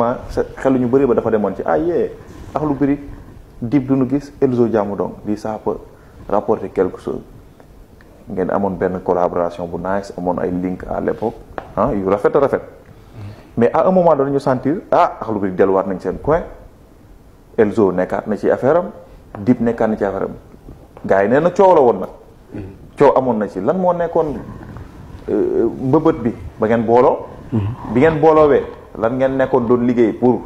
effectivement xelu ñu bëri ba dafa demoon ci ah yee ax lu bëri du ñu gis Elzo jàmm donc lii ça peut rapporter quelque chose ngeen amoon benn collaboration bu nice amoon ay link à l'époque ah yu rafet a rafet mais à un moment donné ñu sentir ah ax lu delluwaat nañ seen coin Elzo nekkaat na ci affaire am dib nekkaat na ci affaire am yi nee na coow la woon nag coow amoon na ci lan moo nekkoon euh, mbëbët bi ba ngeen booloo mhm. bi ngeen booloowee lan ngeen nekkoon doon liggéey pour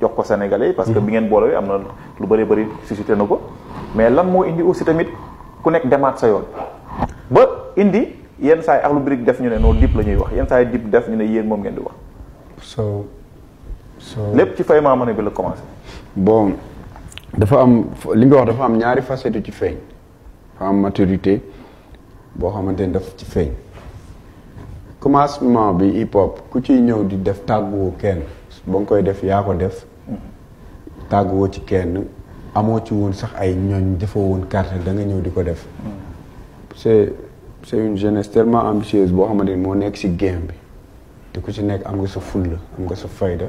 jox ko Sénégalais yi. parce que mm-hmm. bi ngeen boolewee am na lu bëri bëri suscité na ko. mais lan moo indi aussi tamit ku nekk demaat sa yoon ba indi yenn saa yi ak lu bëri def ñu ne noonu dip la ñuy wax yenn saa yi dip def ñu ne yéen moom ngeen di wax. so so lépp ci fay maa mën bi la commencé. boo dafa am li nga wax dafa am ñaari facettes ci feeñ dafa am maturité boo xamante ni daf ci feeñ. commencement bi hip hop ku ciy ñëw di def tàgguwoo kenn ba nga koy def yaa ko def tàgguwoo ci kenn amoo ci woon sax ay ñooñ defoo woon carte da nga ñëw di ko def c'est c'est une jeunesse tellement ambitieuse boo xamante ni moo nekk ci game bi te ku ci nekk am nga sa fulla am nga sa fayda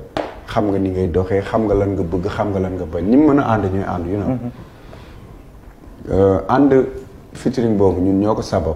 xam nga ni ngay doxee xam nga lan nga bëgg xam nga lan nga bañ ni mën a ànd ñooy ànd you know mm-hmm. euh, ànd featuring boobu ñun ñoo ko sabab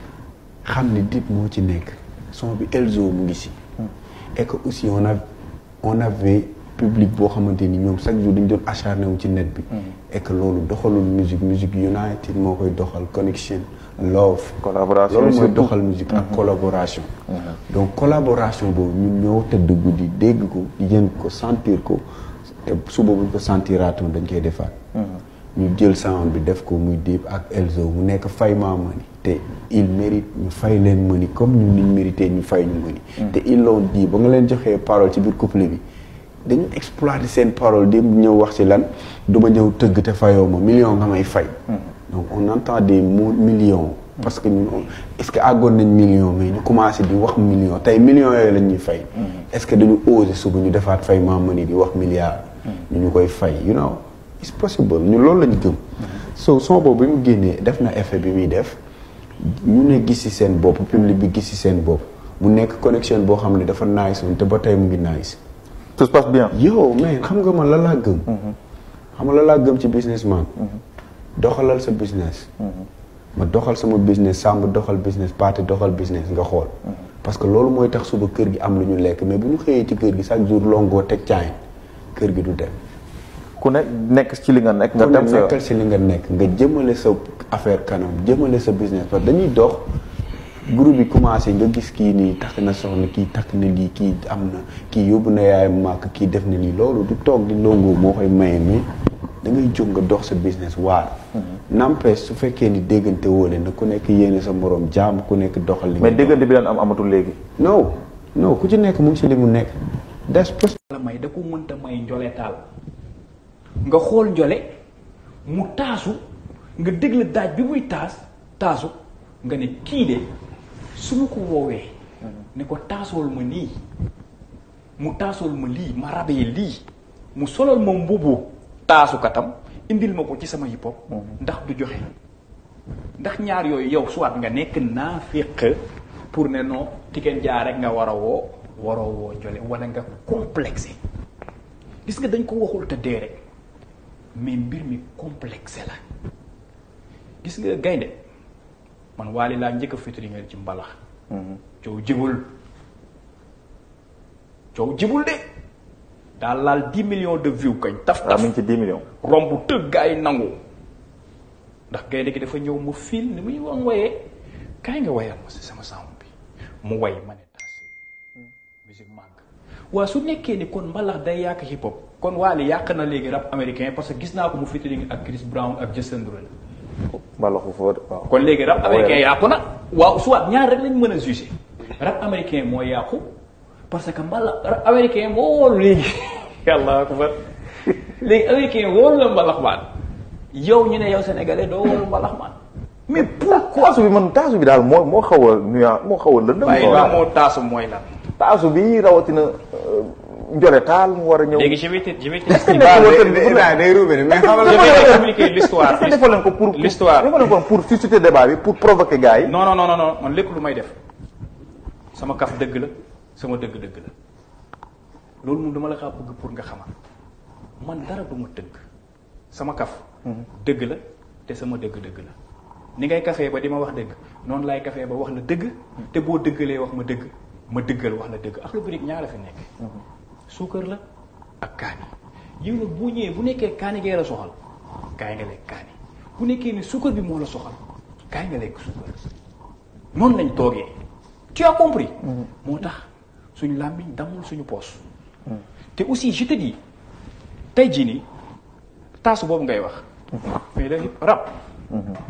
xam ni dip moo ci nekk son bi Elzo mu ngi hmm. et que aussi on a on avait public boo xamante ni ñoom chaque jour dañu doon acharné wu ci net bi hmm. et que loolu doxalul musique musique United moo koy doxal connection love collaboration loolu mooy doxal musique ak hmm. collaboration donc collaboration boobu ñun ñoo tëdd guddi dégg ko di jënd ko sentir ko te suba buñ ko sentiraatoon dañ koy defaat nous jël sound bi def ko muy deep ak Elzo mu nek fay ma mëni te il mérite ñu fay leen mëni comme ñu niñ mérité ñu fay ñu mëni mm. te ils l'ont dit ba nga leen joxee parole ci biir couple bi dañu exploiter sen parole dem ñeu wax ci lan duma ñeu teug tëgg te ma million nga may fay mm. donc on entend des mots millions mm. parce que ñun est-ce que àggoon nañ million mais ñu commencé di wax million tay millions yooyu lañ ñuy fay est-ce que dañu osé oser ñu defaat fay ma mëni di wax milliard ñu ñu koy fay you know it's possible ñu loolu lañ gëm so son boobu bi mu génnee def na effet bi muy def ñu ne gis ci seen bopp public bi gis ci seen bopp mu nekk connexion boo xam ne dafa nice woon te ba tey mu ngi nice tout se passe bien yow mais xam nga man la laa gëm mm-hmm. xam nga la laa gëm ci business man mm-hmm. doxalal sa business mm-hmm. ma doxal sama business sàmm doxal business parti doxal business nga xool parce que loolu mooy tax suba kër gi am lu ñu lekk mais bu ñu xëyee ci kër gi chaque jour longoo teg caayin kër gi du dem ku ne nekk ci li nga nekk nga dem sa nekkal ci li nga nekk nga jëmale sa affaire kanam jëmale sa business parce que dañuy dox groupe bi commencé nga gis kii nii takk na soxna kii takk na lii kii am na kii yóbbu na yaay màkk kii def na lii loolu du toog di longo moo koy maye mais dangay ngay jóg nga dox sa business waar mhm. n'empêche su fekkee ni déggante woole na ku nekk yéene sa moroom jaam ku nekk doxal li may déggante bi daan am amatul léegi non non ku ci nekk mu ngi li mu nekk des la may da ko mënta may njoletaal nga xool njole mu taasu nga déglu daaj bi muy taas taasu nga ne kii de su ma ko woowee ne ko taasool ma nii mu taasool ma lii ma rabee lii mu solal ma mbubu taasu katam indil ma ko ci sama hip hop ndax du joxe ndax ñaar yooyu yow soit nga nekk naa naafiq pour ne noo Tiken jaar rek nga war a woo waroo woo njole wala nga complexé gis nga dañ ko waxul te dee rek mais mbir mi complexe la gis nga gaynde man waali laa njëkk a featuring ci mbalax mhm. coow jibul coow jibul de daal laal dix millions de vues kañ taf taf romb tëgg ay nangu ndax gaynde gi dafa ñëw mu fiil ni muy wan wayee kaay nga wayal ma si sama sound bi mu way ma waa su nekkee ni kon mbalax day yàq hip hop kon waal yàq na léegi rap américain parce que gis naa ko mu featuring ak Chris Brown ak Jason Derulo mbalaxu foofu waaw kon léegi rap américain yàqu na waaw soit ñaar rek lañ mën a juger rap américain moo yàqu parce que mbalax rap américain moo woolu léegi yàlla akbar léegi américain woolu la mbalax maan yow ñu ne yow sénégalais doo woolu mbalax maan mais pourquoi taasu bi man taasu bi daal moo moo xaw moo xaw a lëndëm mooy lan taasu bi rawatina euh, Ndiolé taal mu war a ñëw. léegi je vais te je la te. est-ce que mais xam nga. ko pour. l'histoire defoo leen ko pour susciter débat bi pour provoquer gars yi. non non non lépp lu may def kaf dëgg la sama dëgg dëgg la dama la kaa pour nga xamal man dara ma dëgg sama kaf. Mhm. dëgg la te sama dëgg dëgg ngay kafee ba di ma wax dëgg noonu laay kafee ba wax la dëgg te boo dëggalee wax ma dëgg. ma dëggal wax la dëgg ak nyala birig ñaar la fi nekk mhm. suukar la ak kaani yow nag boo ñëwee bu nekkee kaani gee la soxal kaay nga lekk kaani bu nekkee ni suukar bi moo la soxal kaay nga lekk suukar noonu lañ toogee tu as compris mhm. moo tax suñu làmmiñ damul suñu poos mhm. te aussi je te dis tey jii nii taasu boobu ngay wax mais da rab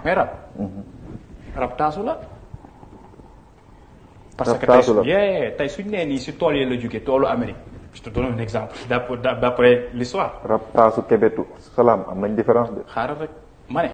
mais rab rab taasu la parce que tey suñu yee tey suñu nee nii si tool yi la jógee toolu Amérique je te donne un exemple d' après d' après l' histoire. rab taasu kebetu salaam différence de. xaaral rek